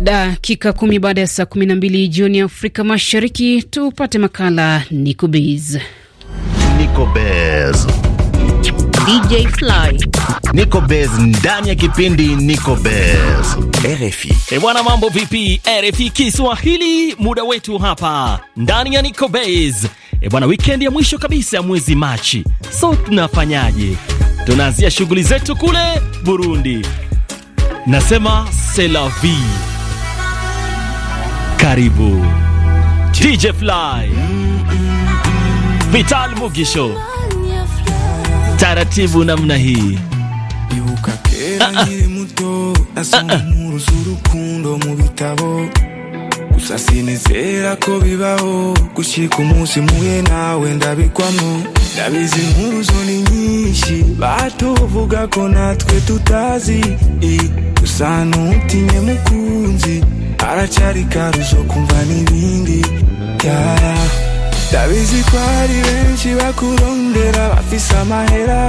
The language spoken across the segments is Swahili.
Dakika kumi baada ya saa kumi na mbili jioni Afrika Mashariki, tupate makala Nicobez. DJ Fly. ndani ya kipindi Nicobez. RFI. E bwana mambo vipi? RFI Kiswahili, muda wetu hapa ndani ya Nicobez. E bwana wikendi ya mwisho kabisa ya mwezi Machi. So tunafanyaje? Tunaanzia shughuli zetu kule Burundi. Nasema c'est karibu DJ Fly Vital Mugisho, taratibu namna hii ah, ah. ah, gusasinizera ko bibaho gushika umunsi muye nawe ndabikwamo ndabizi inkuru zo ni nyinshi batuvuga ko natwe tutazi gusa ntutinye mukunzi aracyari karuzo kumva n'ibindi ndabizi ko hari benshi bakurondera bafise amahera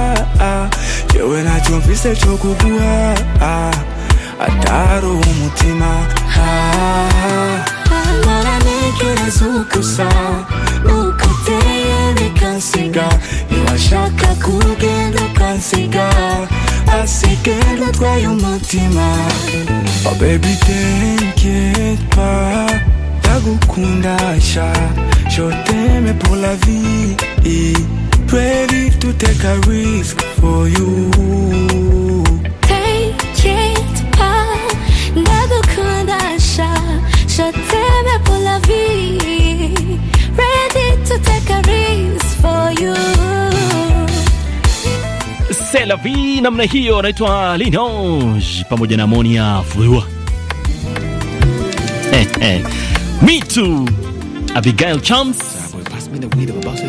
yewe ah. ntacyo mfise cyo kuguha ah. atari umutima ah. ntekereza uko usa nuko uteye bikansiga ntiwashaka kugenda ukansiga asigaye utwaye umutima oh baby t'inquiète pas ndagukunda sha je t'aime pour la vie ready to take a risk for you Bella V namna hiyo, anaitwa Linonge pamoja na Monia Flua. Eh, eh. Me too. Abigail Chams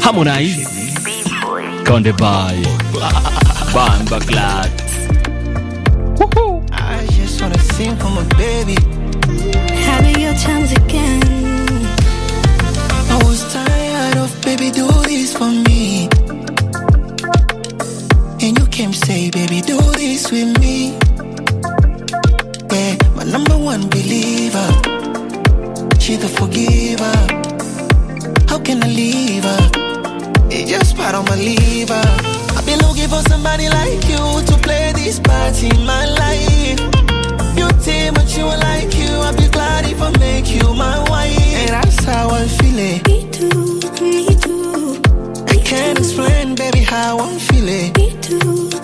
Harmonize Conde by Bamba glad baby do this for me. came say, baby, do this with me. Yeah, my number one believer. She the forgiver. How can I leave her? It just part of my liver. I've been looking for somebody like you to play this part in my life. You but you like you. i would be glad if I make you my wife. And that's how I feel it. Me too, me too. I can't explain, baby, how I'm feeling. Me too.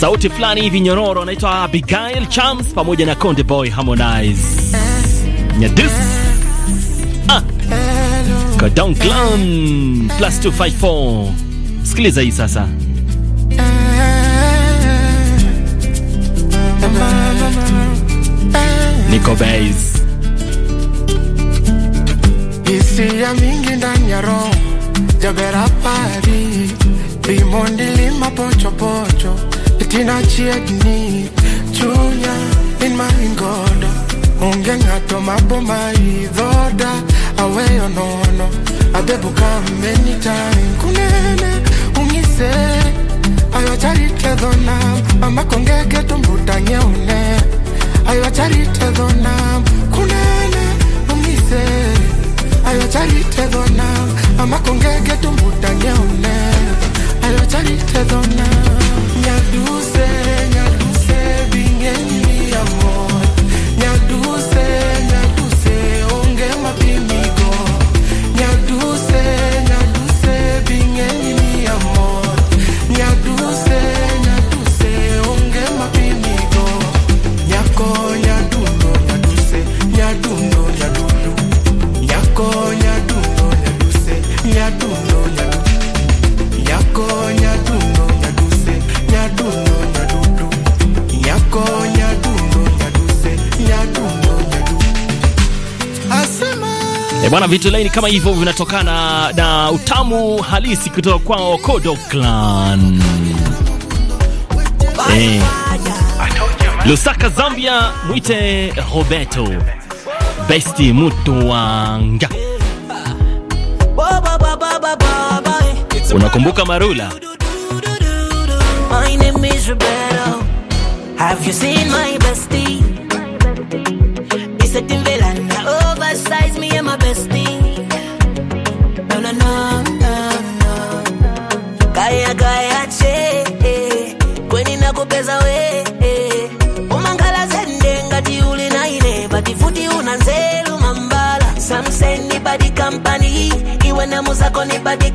sauti fulani hivi nyororo, anaitwa Abigail Chams pamoja na Konde Boy Harmonize nyadis ah. Clan plus 254. Sikiliza hii sasa. Niko base. Hisia mingi ndani ya roho Jabera pari Bimondi lima pocho pocho Itina chiegni Chunya in maingodo onge Munge ngato maboma idhoda Aweyo nono Abebu come many time Kunene ungise Ayo charite dhonam Ama kongege tumbuta nyeune Ayo Kunene ayo charite dona ayo charite dona nyaduse nyaduse Bwana, vitu laini kama hivyo vinatokana na utamu halisi kutoka kwao Kodo Clan. Eh. Lusaka, Zambia, mwite Roberto Besti Mutu Wanga. Unakumbuka Marula? My name is Roberto. Have you seen my bestie? iwe ni badi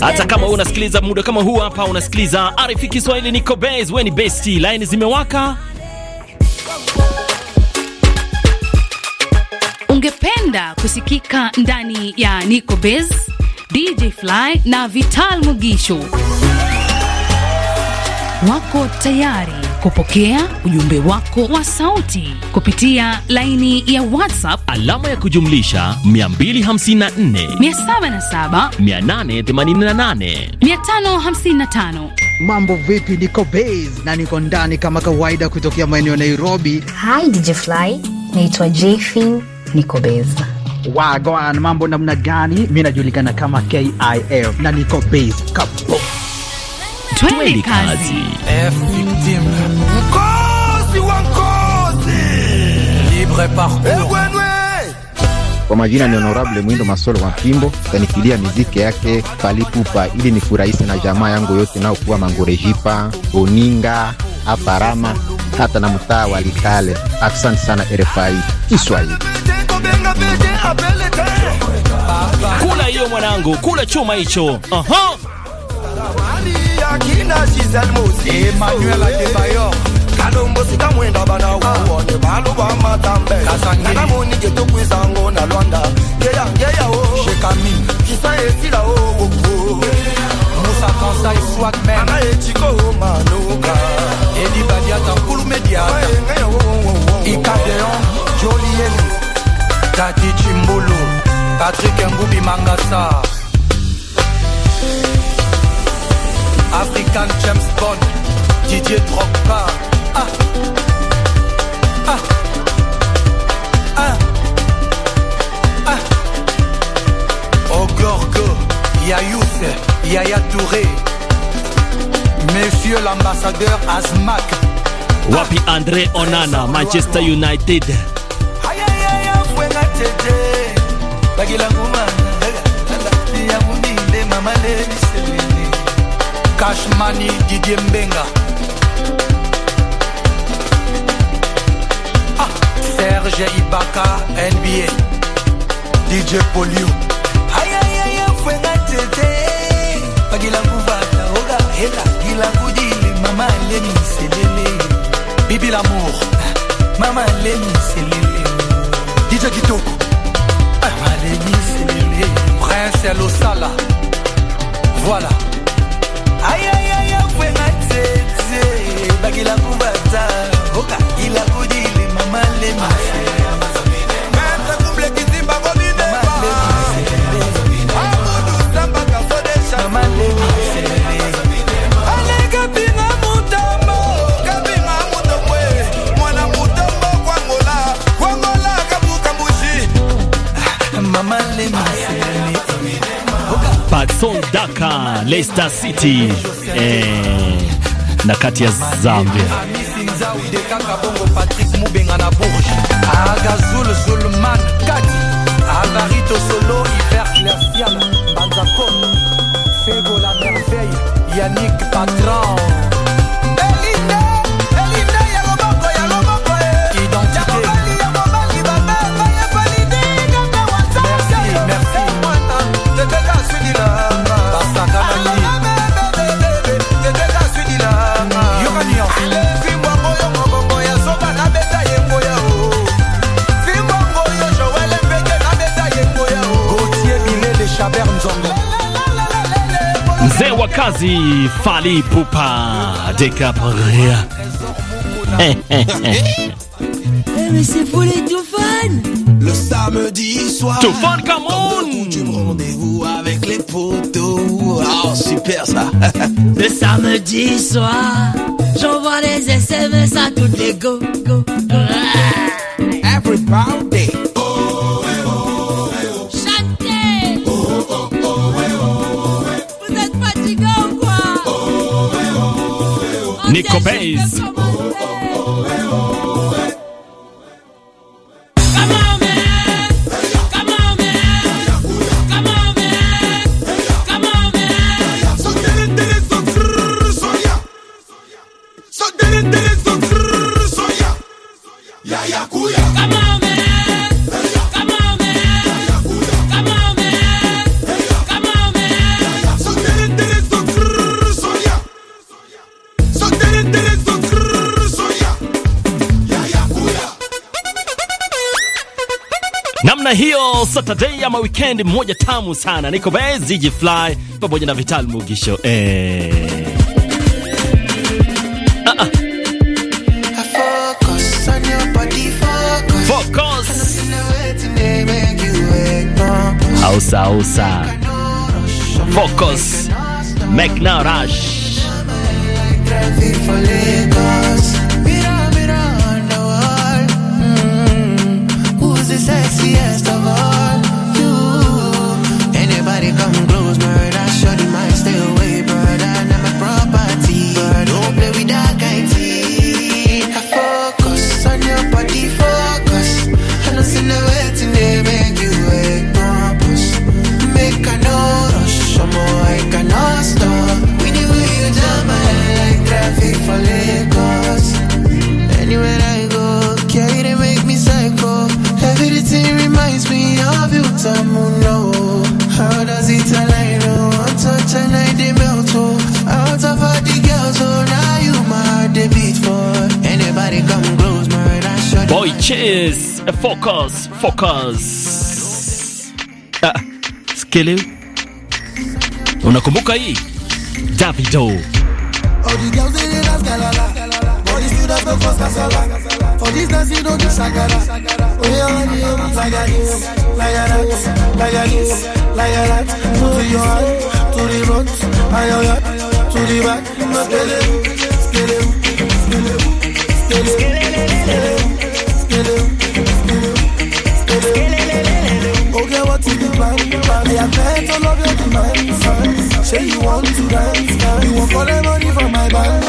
hata kama unasikiliza muda kama huu hapa, unasikiliza RFI Kiswahili, niko bas, we ni besti, laini zimewaka. Ungependa kusikika ndani ya Niko bas, DJ Fly na Vital Mugisho wako tayari kupokea ujumbe wako wa sauti kupitia laini ya WhatsApp alama ya kujumlisha 254 Mambo vipi? Niko base na niko ndani kama kawaida kutokea maeneo ya Nairobi. Hi DJ Fly, naitwa Jfin, niko base. wagoan. mambo namna gani? Mimi najulikana kama KIF na niko base kapo twende kazi. Kwa majina ni Honorable Mwindo Masolo wa Kimbo, tanikilia miziki yake palipupa, ili ni na jamaa yangu yote naokuwa mangorejipa oninga aparama hata na mtaa wa Likale. Asante sana RFI Kiswahili. Kula hiyo mwanangu, kula chuma hicho. Aha. akina gisel mosi emmanuel adebayor kalombosika mwenda banawuone baluba matambe nana monige tokwisango na lwanda ngeya ngeya o shekami kisa esila o woko musa kansai swagman ana etiko manoka edibadiata nkulumediata ikadeon jolien tati cimbulu patrik ngubi mangasa African James Bond, Didier Drogba. Ah, ah, ah, ah. Oh Gorgo, Yayouf, Yaya Touré. Monsieur l'ambassadeur Azmak. Wapi André Onana, ah. Manchester United. ya mama Cash Money, Didier Mbenga. Ah, Serge Ibaka, NBA. DJ Polio. Aïe aïe aïe, fwenga tete. Pagilangu vata, oga hela. Gilangu dili, mama leni selele. Bibi l'amour, mama leni selele. DJ Kitoko. Mama leni selele. Prince sala Voilà. kutoka Leicester City eh, na kati ya Zambia nzawi de kaka bongo patrik mubenga na bourge aga zul zulman kati avarito solo hiver glacial banzakon fego la merveille yannick patron mzee wa kazi pour pas Dekapria mais c'est pour les Toufan Le samedi soir comme on. Tu rendez-vous avec les poteaux Oh super ça Le samedi soir J'envoie les SMS à toutes les go, go. Every Nico Bass. namna hiyo. Saturday ama weekend mmoja tamu sana. Niko ziji Fly pamoja na Vital Mugisho eh. Focus. Focus. Focus, focus. Ah, skelew unakumbuka hii Davido love what is the I have learned to love your demands. Say you want to dance, You want all the money from my bank.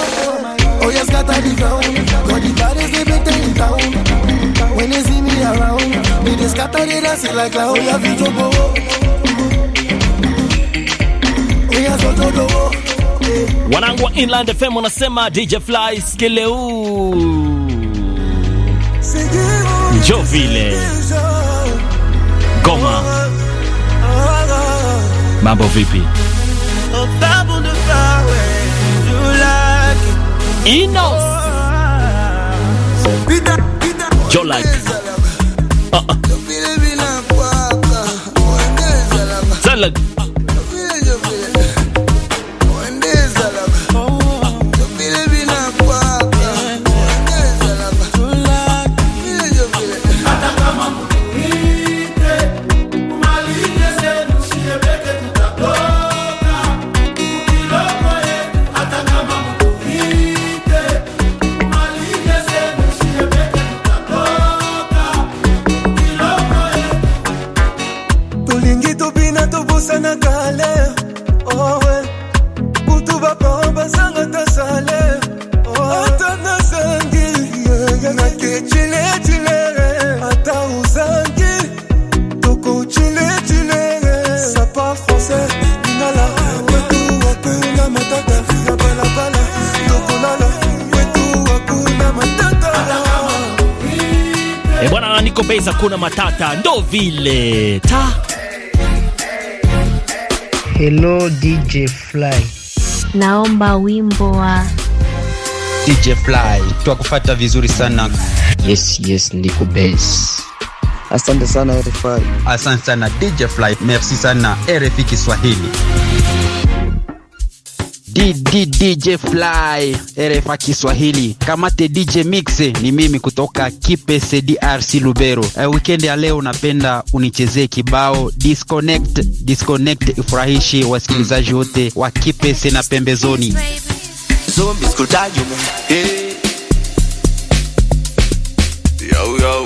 Oh, yes, got the ground. Got the baddest they better in town. When they see me around, they just scatter, they dance like clown. Oh, yeah, you jogo. Oh, yeah, so jogo. Wanangu wa Inland FM wanasema DJ Fly Skeleu. Njoo vile. Ngoma. Mambo vipi? Inos. kutembeza kuna matata ndo vile ta. Hello DJ Fly. Naomba wimbo wa DJ Fly. Twakufata vizuri sana. Yes, yes, niko base. Asante sana RFI. Asante sana DJ Fly. Merci sana RFI Kiswahili. DJ Fly RFA Kiswahili, kamate DJ Mix. Ni mimi kutoka Kipese, DRC, Lubero. E, weekend ya leo napenda unichezee kibao disconnect. Disconnect ifurahishi wasikilizaji wote wa Kipese na pembezoni. Yo, yo.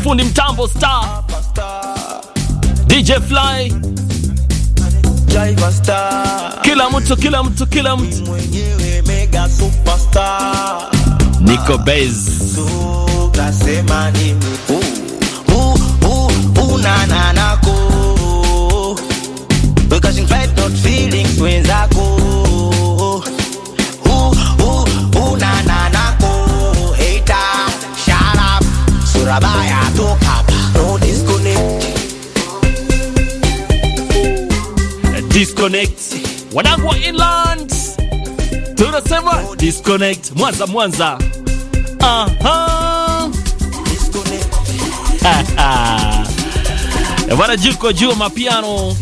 fundi mtambo star DJ Fly kila mtu kila mtu kila mtu mwenyewe mega superstar Nico Bez so disconnect. Wanangu wa inland tunasema disconnect. Mwanza, Mwanza, aha, bwana Jiko Juma mapiano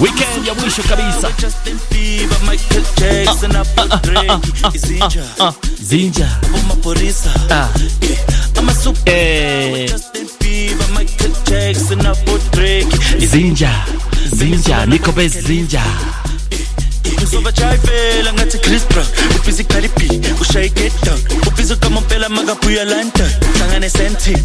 Weekend ya mwisho kabisa. Zinja. Eh. Zinja. Zinja, Nico Bass Zinja uzobatshayivela ngathi chris brown ubhiza ikhalipi ushayigedon ubhiza ukamompela makabuya london hlangane sentin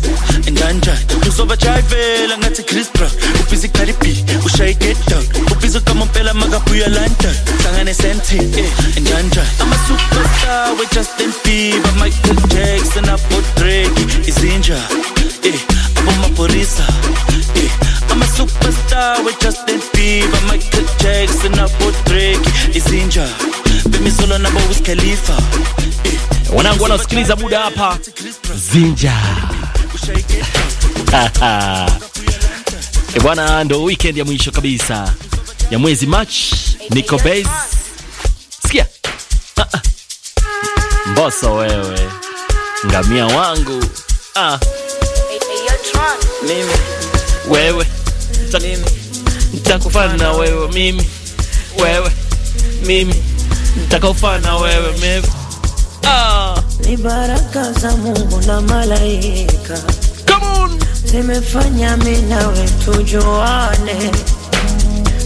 enganjani uzobatshayivela ngathi chris brown ubhiza ikhalipi ushayigedon ubhiza ukamompela makabuya london hlangane sentin eh, enganjani amasuperstar wejustin bieber michael jackson abodrake izinja eh abomapurisa eh, star with Justin Bieber, Michael Jackson hapo Drake, inja Bemi Solo na Wiz Khalifa. Eh, wanangu wanasikiliza muda hapa Zinja eh, bwana, ndo weekend ya mwisho kabisa ya mwezi Machi. Niko base sikia, ah, ah. Mboso wewe, ngamia wangu ah. wewe nitafuta nini? Nitakufana na wewe mimi, wewe mimi, nitakufana wewe mimi. Ah, ni baraka za Mungu na malaika, come on, zimefanya mimi na wewe tujuane.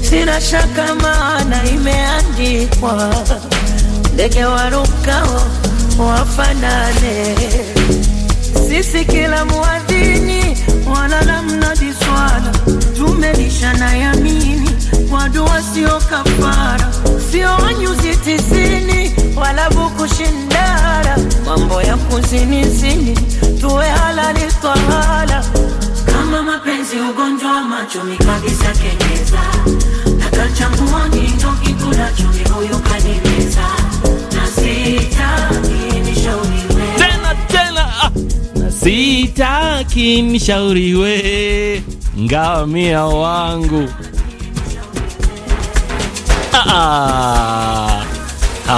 Sina shaka maana imeandikwa, ndege waruka wafanane. Sisi kila muadhini swala la mnadi swala tumelisha na yamini wadua sio kafara sio nyuzi tisini wala bukushindara mambo ya kuzinizini tuwe halali twahala kama mapenzi ugonjwa wa macho mikabisa kenyeza nakachambua kindo kikulacho mihuyu kanimeza na sitaki sitaki nishauriwe ngamia wangu. Ah, ah.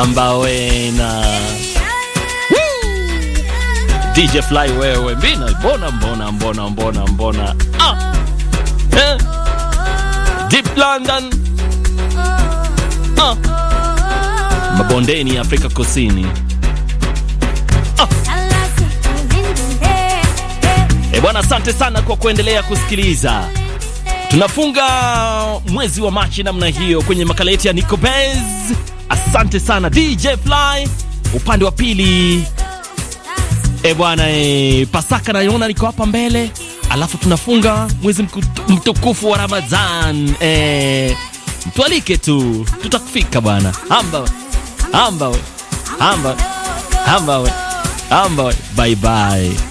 ambawena DJ Fly wewe, mbona mbona mbona mbona mbona mbona ah. Deep London ah. Mabondeni Afrika Kusini. sana, asante sana kwa kuendelea kusikiliza. Tunafunga mwezi wa Machi namna hiyo kwenye makala yetu ya Nico Bez. Asante sana DJ Fly upande wa pili. E bwana e, Pasaka naiona niko hapa mbele, alafu tunafunga mwezi mtukufu wa Ramadhan. E, eh, mtualike tu, tutakufika bwana. Amba we, amba we, amba we, we, we, bye bye.